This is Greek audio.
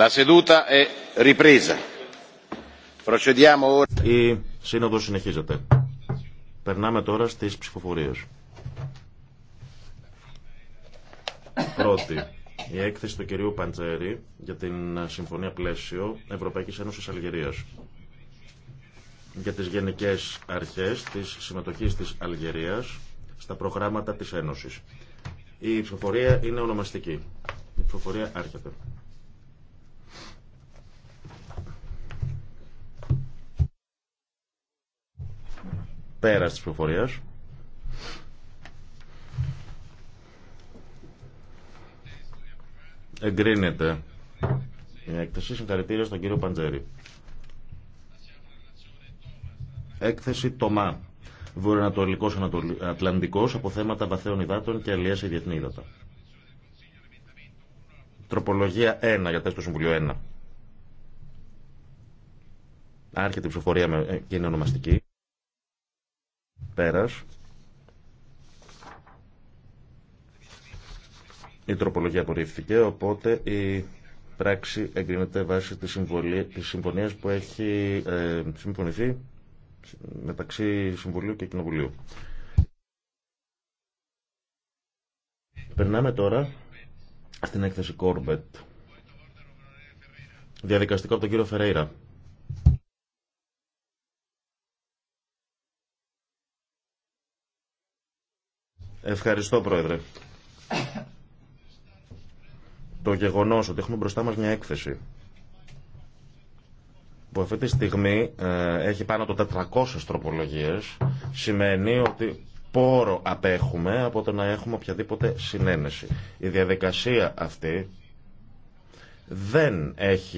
La seduta è ripresa. Procediamo ora. Η σύνοδος συνεχίζεται. Περνάμε τώρα στις ψηφοφορίες. Πρώτη, η έκθεση του κυρίου Παντζέρη για την Συμφωνία Πλαίσιο Ευρωπαϊκής Ένωσης Αλγερίας για τις γενικές αρχές της συμμετοχής της Αλγερίας στα προγράμματα της Ένωσης. Η ψηφοφορία είναι ονομαστική. Η ψηφοφορία άρχεται. πέρα τη πληροφορία. Εγκρίνεται. Η έκθεση συγχαρητήρια στον κύριο Παντζέρη. Έκθεση Τομά. Βορειοανατολικό Ατλαντικό από θέματα βαθέων υδάτων και αλλιέ σε διεθνή υδάτα. Τροπολογία 1 για θέση Συμβουλίο 1. Άρχεται η ψηφοφορία με, και είναι ονομαστική. Πέρας. Η τροπολογία απορρίφθηκε, οπότε η πράξη εγκρίνεται βάσει της, της που έχει ε, συμφωνηθεί μεταξύ Συμβουλίου και Κοινοβουλίου. Περνάμε τώρα στην έκθεση Corbett. Διαδικαστικό από τον κύριο Φερέιρα. Ευχαριστώ, Πρόεδρε. Το γεγονός ότι έχουμε μπροστά μας μια έκθεση που αυτή τη στιγμή ε, έχει πάνω από 400 τροπολογίες σημαίνει ότι πόρο απέχουμε από το να έχουμε οποιαδήποτε συνένεση. Η διαδικασία αυτή δεν έχει